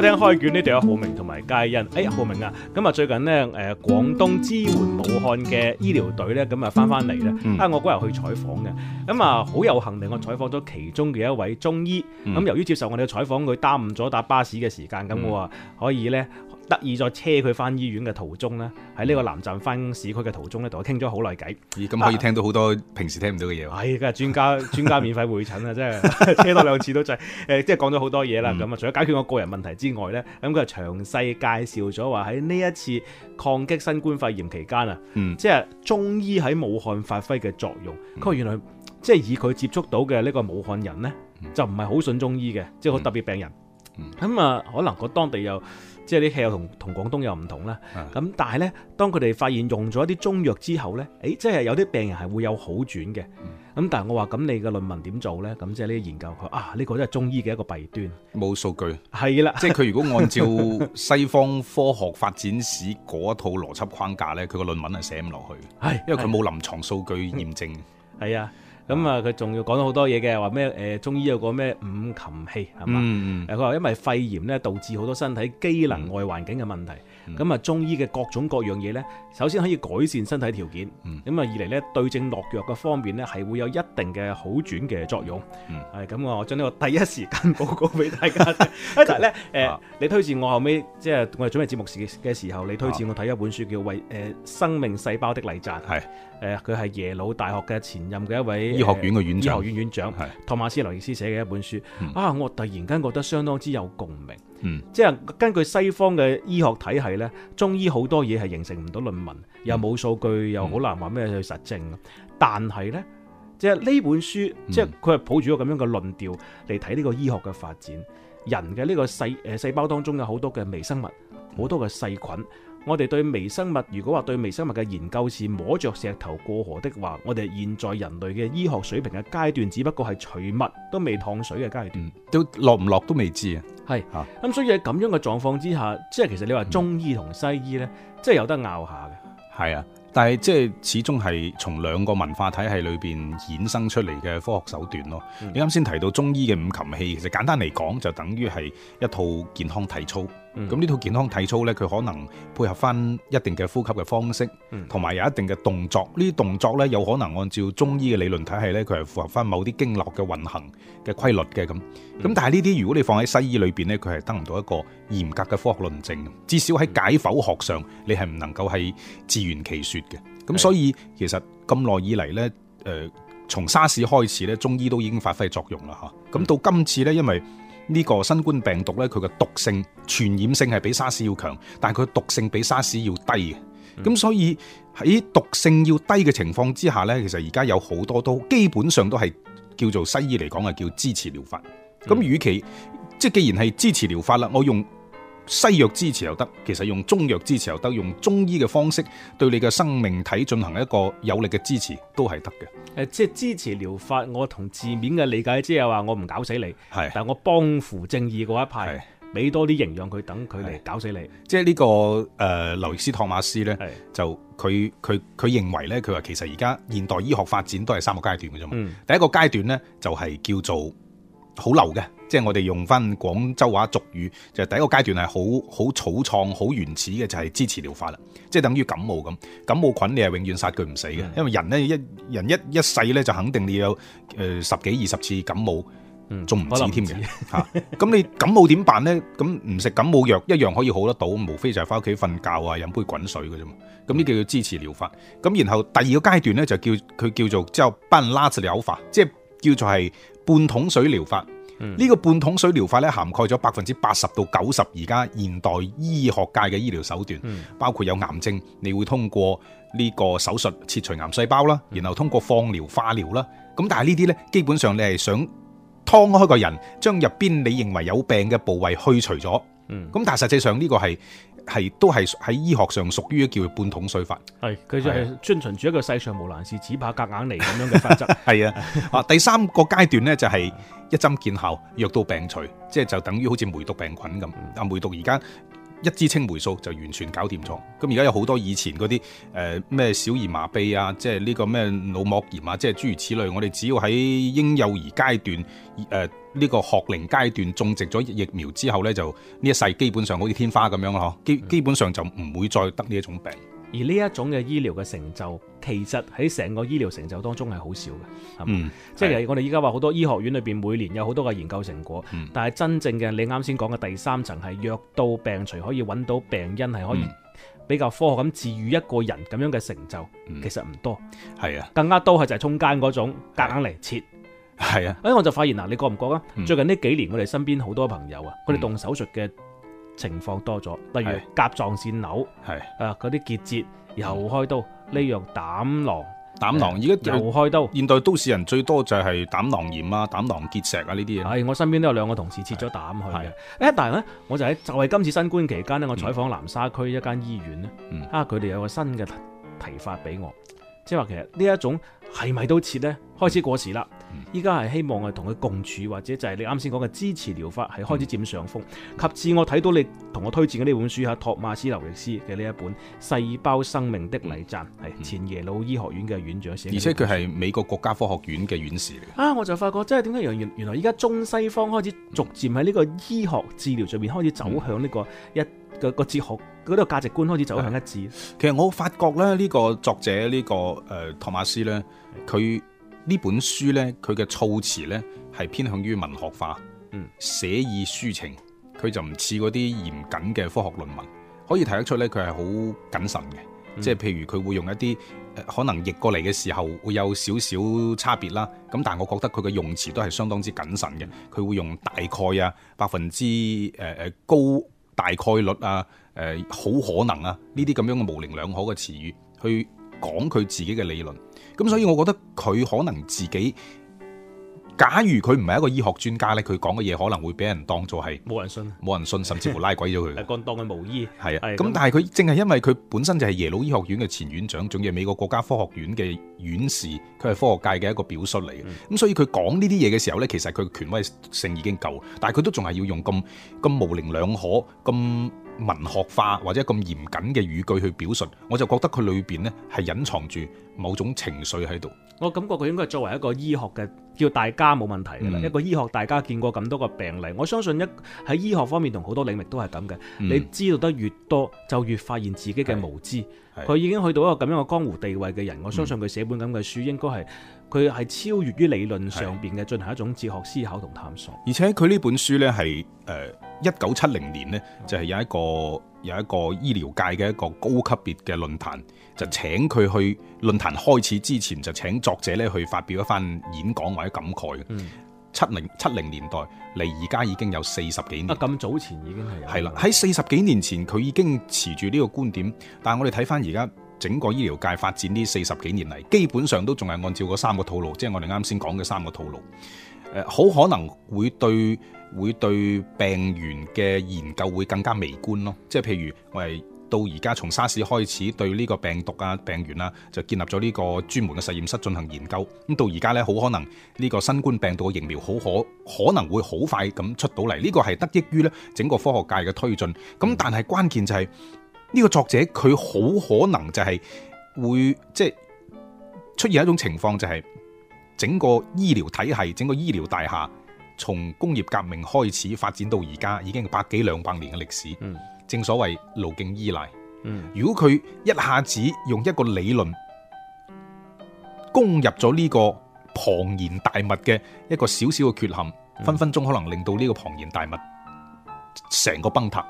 聽開卷呢度有浩明同埋佳欣。哎呀浩明啊，咁啊最近呢，誒廣東支援武漢嘅醫療隊呢，咁啊翻翻嚟啦。啊、嗯、我嗰日去採訪嘅，咁啊好有幸令我採訪咗其中嘅一位中醫，咁由於接受我哋嘅採訪，佢耽誤咗搭巴士嘅時間，咁、嗯、我啊可以呢。得意再車佢翻醫院嘅途中咧，喺呢個南站翻市區嘅途中咧，同我傾咗好耐偈。咦、欸，咁可以聽到好多平時聽唔到嘅嘢、啊。係、啊，梗係專家專家免費會診啊， 真係車多兩次都滯。誒、 呃，即係講咗好多嘢啦。咁啊、嗯，除咗解決我個人問題之外咧，咁、嗯、佢就詳細介紹咗話喺呢一次抗擊新冠肺炎期間啊，嗯、即係中醫喺武漢發揮嘅作用。佢、嗯、原來即係以佢接觸到嘅呢個武漢人咧，嗯、就唔係好信中醫嘅，即係好特別病人。咁啊、嗯嗯，可能個當地又。即係啲劇又同同廣東又唔同啦。咁、嗯、但係咧，當佢哋發現用咗一啲中藥之後咧，誒，即係有啲病人係會有好轉嘅。咁、嗯、但係我話，咁你嘅論文點做咧？咁即係呢啲研究佢，啊，呢、呢個都係中醫嘅一個弊端。冇數據。係啦的，即係佢如果按照西方科學發展史嗰一套邏輯框架咧，佢個 論文係寫唔落去。係，因為佢冇臨床數據驗證。係啊、嗯。咁啊，佢仲要講好多嘢嘅，話咩？誒，中醫有個咩五禽戲，係嘛？誒，佢話因為肺炎咧，導致好多身體機能外環境嘅問題。咁啊，嗯、中醫嘅各種各樣嘢呢，首先可以改善身體條件，咁啊二嚟呢，對症落藥嘅方面呢，係會有一定嘅好轉嘅作用，係咁、嗯、我將呢個第一時間報告俾大家。但係呢，誒，你推薦我後尾，即、就、係、是、我準備節目時嘅時候，你推薦我睇一本書叫《為誒生命細胞的禮贊》，係誒佢係耶魯大學嘅前任嘅一位醫學院嘅院長，托馬斯劉易斯寫嘅一本書，嗯、啊我突然間覺得相當之有共鳴。嗯，即係根據西方嘅醫學體系咧，中醫好多嘢係形成唔到論文，又冇數據，又好難話咩去實證。嗯、但係咧，即係呢本書，嗯、即係佢係抱住一個咁樣嘅論調嚟睇呢個醫學嘅發展。人嘅呢個細誒細胞當中有好多嘅微生物，好多嘅細菌。我哋對微生物，如果話對微生物嘅研究是摸着石頭過河的話，我哋現在人類嘅醫學水平嘅階段，只不過係取物都未燙水嘅階段，嗯、都落唔落都未知啊。係是，咁、啊嗯、所以喺咁樣嘅狀況之下，即係其實你話中醫同西醫呢，嗯、即係有得拗下嘅。係啊，但係即係始終係從兩個文化體系裏邊衍生出嚟嘅科學手段咯。嗯、你啱先提到中醫嘅五禽戲，其實簡單嚟講，就等於係一套健康體操。咁呢、嗯、套健康體操呢，佢可能配合翻一定嘅呼吸嘅方式，同埋、嗯、有一定嘅動作。呢啲動作呢，有可能按照中醫嘅理論體系呢，佢係符合翻某啲經絡嘅運行嘅規律嘅咁。咁、嗯、但係呢啲，如果你放喺西醫裏面呢，呢佢係得唔到一個嚴格嘅科學論證。至少喺解剖學上，你係唔能夠係自圓其説嘅。咁所以其實咁耐以嚟呢，呃、從沙士開始呢，中醫都已經發揮作用啦嚇。咁、嗯、到今次呢，因為呢個新冠病毒咧，佢嘅毒性、傳染性係比沙士要強，但係佢毒性比沙士要低嘅。咁、嗯、所以喺毒性要低嘅情況之下咧，其實而家有好多都基本上都係叫做西醫嚟講係叫支持療法。咁、嗯、與其即係既然係支持療法啦，我用西藥支持又得，其實用中藥支持又得，用中醫嘅方式對你嘅生命體進行一個有力嘅支持都係得嘅。誒，即係支持療法，我同字面嘅理解即係話，我唔搞死你，係是，但係我幫扶正義嗰一派，俾是多啲營養佢，等佢嚟搞死你。即係呢、這個誒、呃，劉易斯托馬斯咧，是就佢佢佢認為咧，佢話其實而家現代醫學發展都係三個階段嘅啫嘛。嗯、第一個階段咧就係、是、叫做好流嘅。即係我哋用翻廣州話俗語，就是、第一個階段係好好草創、好原始嘅，就係支持療法啦。即係等於感冒咁感冒菌，你係永遠殺佢唔死嘅，因為人咧一人一一世咧就肯定你有、呃、十幾二十次感冒，仲唔止添嘅嚇。咁你感冒點辦咧？咁唔食感冒藥一樣可以好得到，無非就係翻屋企瞓覺啊，飲杯滾水嘅啫嘛。咁呢叫做支持療法。咁、嗯、然後第二個階段咧就叫佢叫做之後 b 拉治療法，即係叫做係半桶水療法。呢個半桶水療法咧涵蓋咗百分之八十到九十，而家現代醫學界嘅醫療手段，包括有癌症，你會通過呢個手術切除癌細胞啦，然後通過放療、化療啦。咁但係呢啲呢，基本上你係想，劏開個人，將入邊你認為有病嘅部位去除咗。嗯，咁但係實際上呢個係係都係喺醫學上屬於叫半桶水法。係佢就係遵循住一個世上無難事，只怕隔硬嚟，咁樣嘅法則。係 的 啊，啊第三個階段呢就係一針見效，藥到病除，即係就等於好似梅毒病菌咁。啊，梅毒而家。一支青霉素就完全搞掂咗。咁而家有好多以前嗰啲誒咩小兒麻痹啊，即係呢個咩腦膜炎啊，即係諸如此類。我哋只要喺嬰幼兒階段誒呢個學齡階段種植咗疫苗之後咧，就呢一世基本上好似天花咁樣咯，基基本上就唔會再得呢一種病。而呢一種嘅醫療嘅成就，其實喺成個醫療成就當中係好少嘅，係嘛？即係我哋依家話好多醫學院裏邊每年有好多嘅研究成果，嗯、但係真正嘅你啱先講嘅第三層係藥到病除，可以揾到病因，係可以比較科學咁治癒一個人咁樣嘅成就，嗯、其實唔多。係、嗯、啊，更加多係就係中間嗰種夾硬嚟切。係啊，哎、啊，我就發現嗱，你覺唔覺啊？嗯、最近呢幾年我哋身邊好多朋友啊，佢哋、嗯、動手術嘅。情況多咗，例如甲狀腺瘤，係是啊，嗰啲結節又開刀，呢樣、嗯、膽囊，膽囊而家又開刀。現代都市人最多就係膽囊炎啊、膽囊結石啊呢啲嘢。係，我身邊都有兩個同事切咗膽去嘅。誒，是但係咧，我就喺就係今次新冠期間咧，嗯、我採訪南沙區一間醫院咧，嗯、啊佢哋有個新嘅提法俾我，即係話其實呢一種係咪都切咧，嗯、開始過時啦。依家係希望係同佢共處或者就係你啱先講嘅支持療法係開始佔上風。嗯、及至我睇到你同我推薦嘅呢本書吓，托馬斯劉易斯嘅呢一本《細胞生命的禮讚》，係、嗯、前耶魯醫學院嘅院長寫，而且佢係美國國家科學院嘅院士嚟嘅。啊，我就發覺即係點解原原來依家中西方開始逐漸喺呢個醫學治療上面開始走向呢個一個、嗯那個哲學嗰啲價值觀開始走向一致。其實我發覺咧，呢個作者呢、這個誒、呃、托馬斯咧，佢的。呢本書呢，佢嘅措辭呢係偏向於文學化，嗯，寫意抒情，佢就唔似嗰啲嚴謹嘅科學論文，可以睇得出呢，佢係好謹慎嘅，嗯、即係譬如佢會用一啲、呃、可能譯過嚟嘅時候會有少少差別啦，咁但係我覺得佢嘅用詞都係相當之謹慎嘅，佢、嗯、會用大概啊，百分之誒誒、呃、高大概率啊，誒、呃、好可能啊呢啲咁樣嘅模棱兩可嘅詞語去講佢自己嘅理論，咁所以我覺得佢可能自己，假如佢唔係一個醫學專家咧，佢講嘅嘢可能會俾人當做係冇人信，冇人信，甚至乎拉鬼咗佢。係幹 當佢無醫。係啊的，咁的但係佢正係因為佢本身就係耶魯醫學院嘅前院長，仲要係美國國家科學院嘅院士，佢係科學界嘅一個表率嚟嘅，咁、嗯、所以佢講呢啲嘢嘅時候咧，其實佢權威性已經夠，但係佢都仲係要用咁咁模棱兩可咁。文學化或者咁嚴謹嘅語句去表述，我就覺得佢裏面呢係隱藏住某種情緒喺度，我感覺佢應該係作為一個醫學嘅，叫大家冇問題嘅啦。嗯、一個醫學大家見過咁多個病例，我相信一喺醫學方面同好多領域都係咁嘅。嗯、你知道得越多，就越發現自己嘅無知。佢已經去到一個咁樣嘅江湖地位嘅人，我相信佢寫本咁嘅書、嗯、應該係佢係超越於理論上邊嘅，進是行一種哲學思考同探索。而且佢呢本書呢，係誒一九七零年呢，嗯、就係有一個。有一個醫療界嘅一個高級別嘅論壇，就請佢去，論壇開始之前，就請作者咧去發表一番演講或者感慨、嗯、七零七零年代嚟，而家已經有四十幾年。咁、啊、早前已經係係啦，喺四十幾年前佢已經持住呢個觀點，但係我哋睇翻而家整個醫療界發展呢四十幾年嚟，基本上都仲係按照嗰三個套路，即、就、係、係、我哋啱先講嘅三個套路。好可能會對。會對病原嘅研究會更加微觀咯，即係譬如我係到而家從沙士開始對呢個病毒啊病原啊就建立咗呢個專門嘅實驗室進行研究，咁到而家呢，好可能呢個新冠病毒嘅疫苗好可可能會好快咁出到嚟，呢個係得益於呢整個科學界嘅推進。咁但係關鍵就係呢個作者佢好可能就係會即係出現一種情況，就係整個醫療體系整個醫療大廈。從工業革命開始發展到而家，已經百幾兩百年嘅歷史。嗯，正所謂路徑依賴。嗯，如果佢一下子用一個理論攻入咗呢個龐然大物嘅一個少少嘅缺陷，嗯，分分鐘可能令到呢個龐然大物成個崩塌。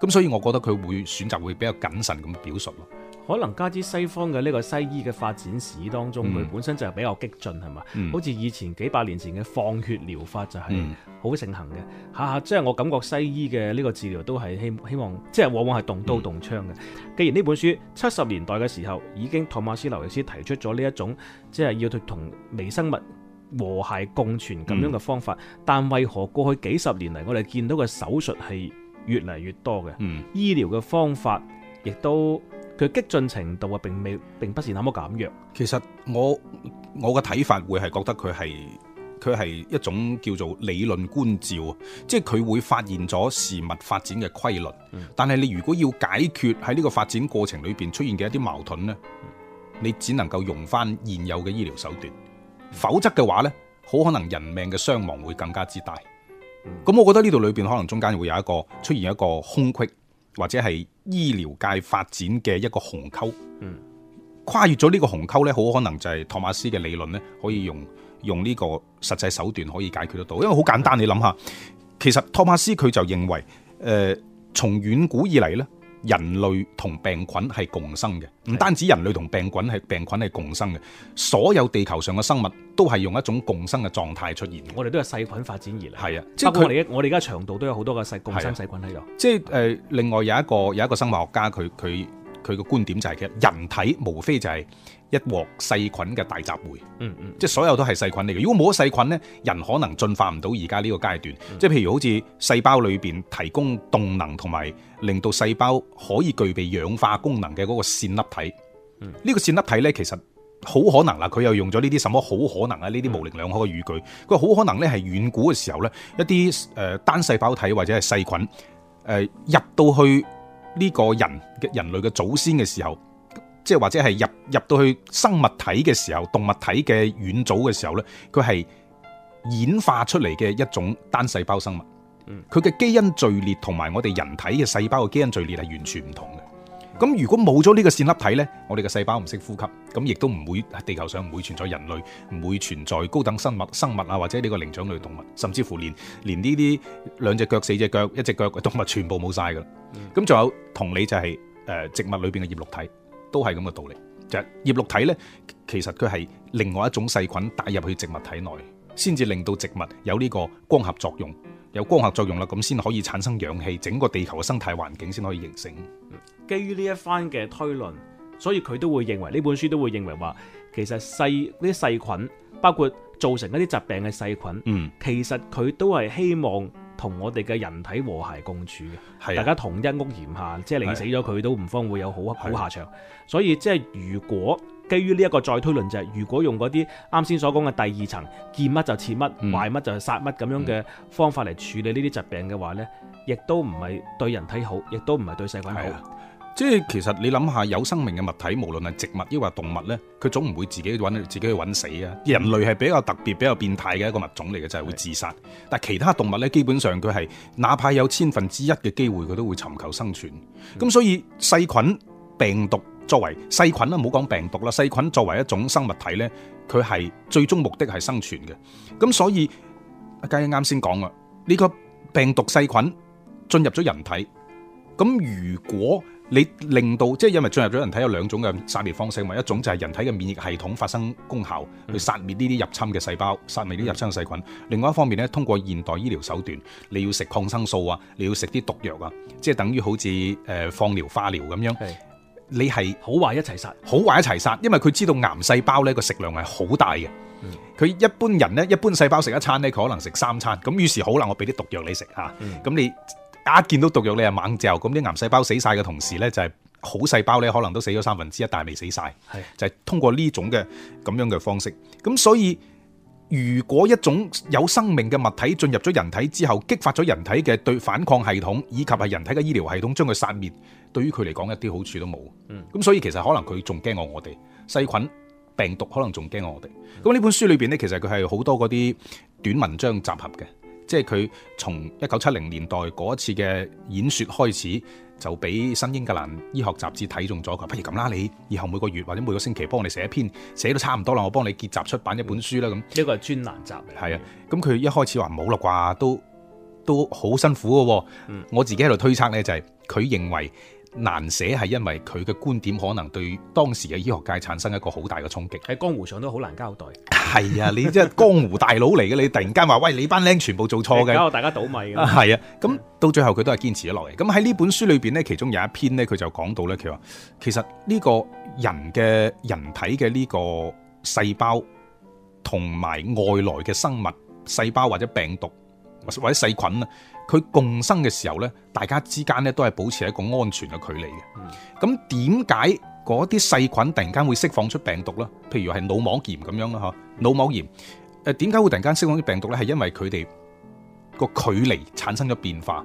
咁是所以我覺得佢會選擇會比較謹慎咁表述咯。可能加之西方嘅呢個西醫嘅發展史當中，佢、嗯、本身就係比較激進，係嘛？嗯、好似以前幾百年前嘅放血療法就係好盛行嘅吓。即係、嗯啊就是、我感覺西醫嘅呢個治療都係希希望，即係、就是、往往係動刀動槍嘅。嗯、既然呢本書七十年代嘅時候已經托馬斯劉易斯提出咗呢一種，即、就、係、是、要同微生物和諧共存咁樣嘅方法，嗯、但為何過去幾十年嚟我哋見到嘅手術係越嚟越多嘅？嗯，醫療嘅方法亦都。佢激進程度啊，並未並不是那麼減弱。其實我我嘅睇法會係覺得佢係佢係一種叫做理論觀照啊，即係佢會發現咗事物發展嘅規律。但係你如果要解決喺呢個發展過程裏邊出現嘅一啲矛盾呢，你只能夠用返現有嘅醫療手段，否則嘅話呢，好可能人命嘅傷亡會更加之大。咁我覺得呢度裏邊可能中間會有一個出現一個空隙。或者係醫療界發展嘅一個鴻溝，跨越咗呢個鴻溝咧，好可能就係托馬斯嘅理論咧，可以用用呢個實際手段可以解決得到。因為好簡單，你諗下，其實托馬斯佢就認為，誒、呃、從遠古以嚟咧。人類同病菌係共生嘅，唔單止人類同病菌係病菌係共生嘅，所有地球上嘅生物都係用一種共生嘅狀態出現。我哋都係細菌發展而嚟，包括我哋，我哋而家腸道都有好多個細共生細菌喺度。即係誒，另外有一個有一個生物學家，佢佢佢嘅觀點就係其實人體無非就係。一鑊細菌嘅大集會，嗯嗯，即係所有都係細菌嚟嘅。如果冇咗細菌呢，人可能進化唔到而家呢個階段。即係譬如好似細胞裏邊提供動能同埋令到細胞可以具備氧化功能嘅嗰個線粒體，呢、呢個線粒體呢，其實好可能啦。佢又用咗呢啲什麼好可能啊？呢啲模棱兩可嘅語句。佢好可能呢，係遠古嘅時候呢，一啲誒單細胞體或者係細菌誒入到去呢個人嘅人類嘅祖先嘅時候。即係或者係入入到去生物體嘅時候，動物體嘅遠祖嘅時候咧，佢係演化出嚟嘅一種單細胞生物。嗯，佢嘅基因序列同埋我哋人體嘅細胞嘅基因序列係完全唔同嘅。咁如果冇咗呢個線粒體咧，我哋嘅細胞唔識呼吸，咁亦都唔會喺地球上唔會存在人類，唔會存在高等生物、生物啊，或者呢個靈長類動物，甚至乎連連呢啲兩隻腳、四隻腳、一隻腳嘅動物全部冇晒噶啦。咁仲有同理就係誒植物裏邊嘅葉綠體。都係咁嘅道理，就葉綠體咧，其實佢係另外一種細菌帶入去植物體內，先至令到植物有呢個光合作用，有光合作用啦，咁先可以產生氧氣，整個地球嘅生態環境先可以形成。基於呢一番嘅推論，所以佢都會認為呢本書都會認為話，其實細啲細菌包括造成一啲疾病嘅細菌，嗯，其實佢都係希望。同我哋嘅人體和諧共處嘅，啊、大家同一屋檐下，是啊、即係你死咗佢都唔慌會有好好下場。是啊、所以即係如果基於呢一個再推論就係，如果用嗰啲啱先所講嘅第二層，見乜就切乜，壞乜就殺乜咁樣嘅方法嚟處理呢啲疾病嘅話呢是、啊、亦都唔係對人體好，亦都唔係對細菌好。即係其實你諗下，有生命嘅物體，無論係植物抑或動物呢，佢總唔會自己搵自己去搵死啊！人類係比較特別、比較變態嘅一個物種嚟嘅，就係、是、會自殺。是的 但其他動物呢，基本上佢係哪怕有千分之一嘅機會，佢都會尋求生存。咁、嗯、所以細菌、病毒作為細菌啦，唔好講病毒啦，細菌作為一種生物體呢，佢係最終目的係生存嘅。咁所以阿家英啱先講啊，呢、這個病毒細菌進入咗人體，咁如果你令到即係因為進入咗人體有兩種嘅殺滅方式，咪一種就係人體嘅免疫系統發生功效去殺滅呢啲入侵嘅細胞，殺滅啲入侵嘅細菌。另外一方面咧，通過現代醫療手段，你要食抗生素啊，你要食啲毒藥啊，即係等於好似誒放療、化療咁樣。是你係好壞一齊殺，好壞一齊殺，因為佢知道癌細胞咧個食量係好大嘅。佢一般人咧，一般細胞食一餐咧，佢可能食三餐。咁於是好啦，我俾啲毒藥你食嚇。咁、嗯、你。一見到毒藥，你係猛嚼咁啲癌細胞死晒嘅同時呢，就係、是、好細胞呢可能都死咗三分之一，但係未死晒，是的 就係通過呢種嘅咁樣嘅方式。咁所以如果一種有生命嘅物體進入咗人體之後，激發咗人體嘅對反抗系統，以及係人體嘅醫療系統將佢殺滅，對於佢嚟講一啲好處都冇。咁所以其實可能佢仲驚過我哋細菌、病毒，可能仲驚過我哋。咁呢本書裏面呢，其實佢係好多嗰啲短文章集合嘅。即係佢從一九七零年代嗰一次嘅演說開始，就俾新英格蘭醫學雜誌睇中咗佢，不如咁啦，你以後每個月或者每個星期幫我哋寫一篇，寫到差唔多啦，我幫你結集出版一本書啦咁。呢、嗯呢個係專欄集。係、嗯、啊，咁佢一開始話冇啦啩，都都好辛苦嘅、啊。嗯、我自己喺度推測呢，就係、是、佢認為。難寫係因為佢嘅觀點可能對當時嘅醫學界產生一個好大嘅衝擊，喺江湖上都好難交代。係啊，你即係江湖大佬嚟嘅，你突然間話喂，你班僆全部做錯嘅，大家倒米啊？係啊，咁到最後佢都係堅持咗落嚟。咁喺呢本書裏邊呢，其中有一篇呢，佢就講到呢，佢話其實呢個人嘅人體嘅呢個細胞，同埋外來嘅生物細胞或者病毒，或或者細菌啊。佢共生嘅時候呢，大家之間呢都係保持一個安全嘅距離嘅。咁點解嗰啲細菌突然間會釋放出病毒呢？譬如係腦膜炎咁樣咯，嚇腦膜炎。誒，點解會突然間釋放出病毒呢？係因為佢哋個距離產生咗變化，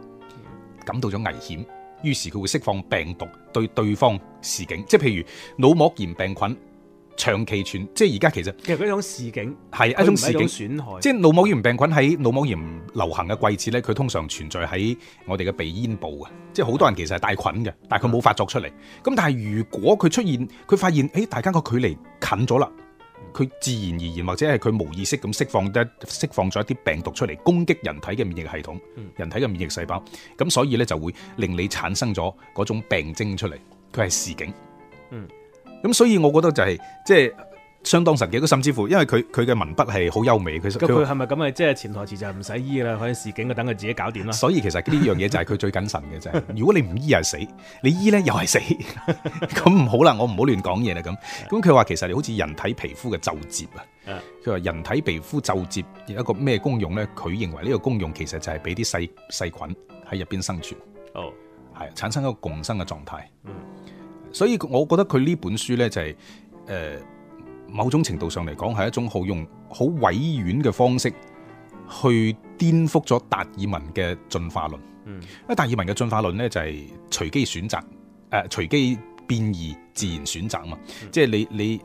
感到咗危險，於是佢會釋放病毒對對方示警。即係譬如腦膜炎病菌。長期傳即係而家其實其實，嗰種示警係一種示警損害，是即係腦膜炎病菌喺腦膜炎流行嘅季節呢，佢通常存在喺我哋嘅鼻咽部啊。即係好多人其實係帶菌嘅，但係佢冇發作出嚟。咁、嗯、但係如果佢出現，佢發現誒大家個距離近咗啦，佢自然而然或者係佢無意識咁釋放一釋放咗一啲病毒出嚟攻擊人體嘅免疫系統，嗯、人體嘅免疫細胞，咁所以呢，就會令你產生咗嗰種病徵出嚟，佢係示警。嗯。咁、嗯、所以我覺得就係、是、即係相當神奇，甚至乎因為佢佢嘅文筆係好優美，佢佢係咪咁啊？即係、就是、潛台詞就唔使醫啦，可以示警佢等佢自己搞掂啦、啊。所以其實呢樣嘢就係佢最謹慎嘅啫。 就是如果你唔醫又死，你醫呢又係死，咁唔 好啦，我唔好亂講嘢啦。咁咁佢話其實你好似人體皮膚嘅皺褶啊，佢話 人體皮膚皺褶有一個咩功用咧？佢認為呢個功用其實就係俾啲細細菌喺入邊生存，哦、oh.，係產生一個共生嘅狀態。Mm. 所以我覺得佢呢本書咧就係、是、誒、呃、某種程度上嚟講係一種好用好委婉嘅方式去顛覆咗達爾文嘅進化論。嗯，啊達爾文嘅進化論咧就係隨機選擇誒、呃、隨機變異，自然選擇啊嘛。嗯、即係你你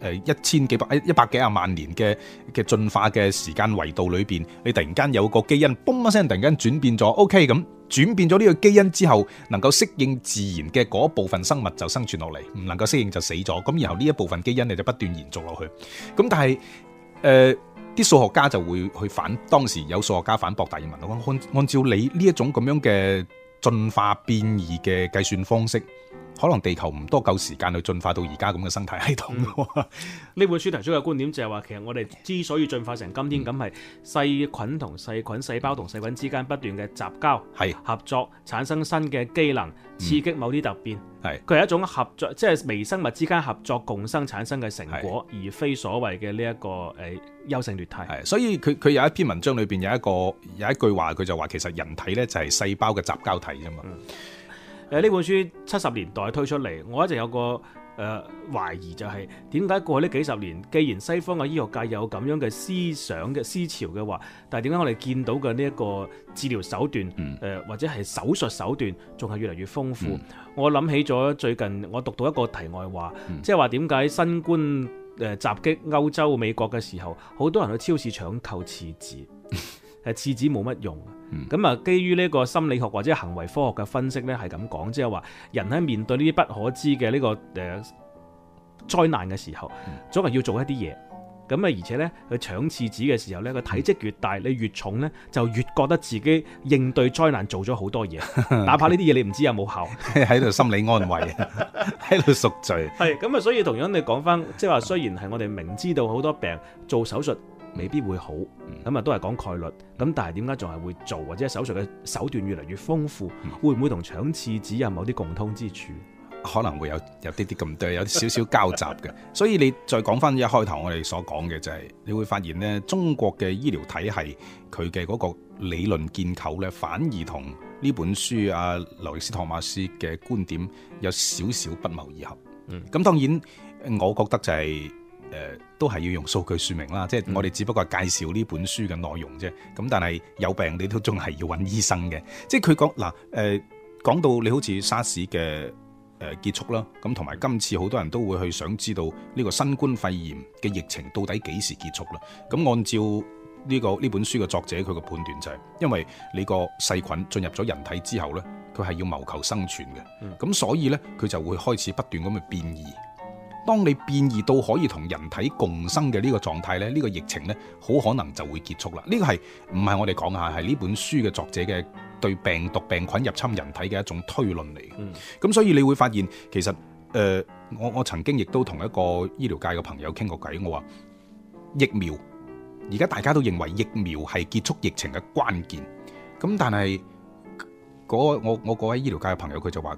誒一千幾百誒一百幾十萬年嘅嘅進化嘅時間維度裏邊，你突然間有個基因嘣一聲，突然間轉變咗 OK 咁。轉變咗呢個基因之後，能夠適應自然嘅嗰部分生物就生存落嚟，唔能夠適應就死咗。咁然後呢一部分基因你就不斷延續落去。咁但係誒，啲、呃、數學家就會去反，當時有數學家反駁達爾文，話按按照你呢一種咁樣嘅進化變異嘅計算方式，可能地球唔多夠時間去進化到而家咁嘅生態系統、嗯。呢本 書提出嘅觀點就係話，其實我哋之所以進化成今天咁，係細菌同細菌、細胞同細菌之間不斷嘅雜交、係合作是產生新嘅機能，嗯、刺激某啲突變。係佢係一種合作，即、就、係、是、微生物之間合作共生產生嘅成果，是而非所謂嘅呢一個誒優勝劣汰。係，所以佢佢有一篇文章裏邊有一個有一句話，佢就話其實人體呢就係細胞嘅雜交體啫嘛。嗯。誒呢、呃、本書七十年代推出嚟，我一直有個誒、呃、懷疑、就是，就係點解過去呢幾十年，既然西方嘅醫學界有咁樣嘅思想嘅思潮嘅話，但係點解我哋見到嘅呢一個治療手段，誒、嗯呃、或者係手術手段，仲係越嚟越豐富？嗯、我諗起咗最近我讀到一個題外話，即係話點解新冠誒、呃、襲擊歐洲美國嘅時候，好多人去超市搶購廁紙，係 廁紙冇乜用。咁啊，嗯、基於呢個心理學或者行為科學嘅分析咧，係咁講，即係話人喺面對呢啲不可知嘅呢個誒災難嘅時候，總係要做一啲嘢。咁啊，而且咧，佢搶廁紙嘅時候咧，個體積越大，你越重咧，就越覺得自己應對災難做咗好多嘢。哪怕呢啲嘢你唔知有冇效，喺度 心理安慰，喺度 贖罪。係咁啊，所以同樣你講翻，即係話雖然係我哋明知道好多病做手術。未必會好，咁啊都係講概率。咁但係點解仲係會做，或者手術嘅手段越嚟越豐富，會唔會同搶廁紙有某啲共通之處？可能會有有啲啲咁，對有少少交集嘅。 所以你再講翻一開頭我哋所講嘅就係、是，你會發現呢中國嘅醫療體系佢嘅嗰個理論結構呢，反而同呢本書啊劉易斯·托馬斯嘅觀點有少少不謀而合。咁、嗯、當然，我覺得就係、是。誒、呃、都係要用數據說明啦，即係我哋只不過介紹呢本書嘅內容啫。咁但係有病你都仲係要揾醫生嘅。即係佢講，嗱誒、呃，講到你好似沙士嘅誒結束啦。咁同埋今次好多人都會去想知道呢個新冠肺炎嘅疫情到底幾時結束啦。咁按照呢、這個呢本書嘅作者佢嘅判斷就係、是，因為你個細菌進入咗人體之後呢，佢係要謀求生存嘅，咁所以呢，佢就會開始不斷咁去變異。當你變異到可以同人體共生嘅呢個狀態咧，呢、這個疫情呢，好可能就會結束啦。呢、這個係唔係我哋講下？係呢本書嘅作者嘅對病毒病菌入侵人體嘅一種推論嚟。咁、嗯、所以你會發現其實誒、呃，我我曾經亦都同一個醫療界嘅朋友傾過偈，我話疫苗而家大家都認為疫苗係結束疫情嘅關鍵。咁但係我我嗰位醫療界嘅朋友佢就話。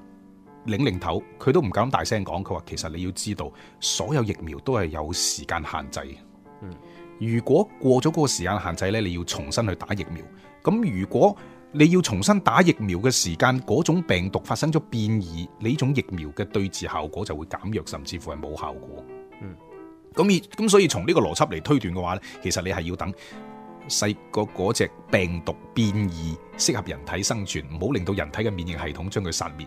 擰擰頭，佢都唔敢大聲講。佢話，其實你要知道，所有疫苗都係有時間限制。嗯，如果過咗嗰個時間限制呢，你要重新去打疫苗。咁如果你要重新打疫苗嘅時間，嗰種病毒發生咗變異，呢種疫苗嘅對治效果就會減弱，甚至乎係冇效果。嗯，咁咁所以從呢個邏輯嚟推斷嘅話呢，其實你係要等細個嗰隻病毒變異適合人體生存，唔好令到人體嘅免疫系統將佢殺滅。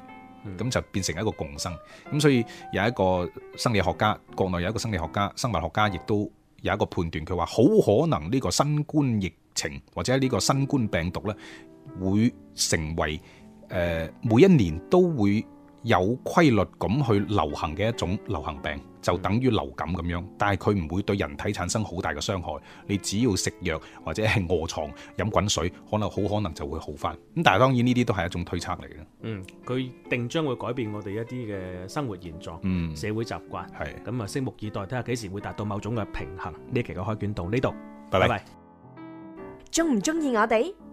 咁就變成一個共生咁，所以有一個生理學家，國內有一個生理學家、生物學家，亦都有一個判斷，佢話好可能呢個新冠疫情或者呢個新冠病毒呢，會成為誒、呃、每一年都會有規律咁去流行嘅一種流行病，就等於流感咁樣，但係佢唔會對人體產生好大嘅傷害。你只要食藥或者係卧床、飲滾水，可能好可能就會好返。咁但係當然呢啲都係一種推測嚟嘅。嗯，佢定將會改變我哋一啲嘅生活現狀、嗯、社會習慣。係咁啊，拭目以待，睇下幾時會達到某種嘅平衡。呢期嘅開卷到呢度，拜拜。鍾唔鍾意我哋？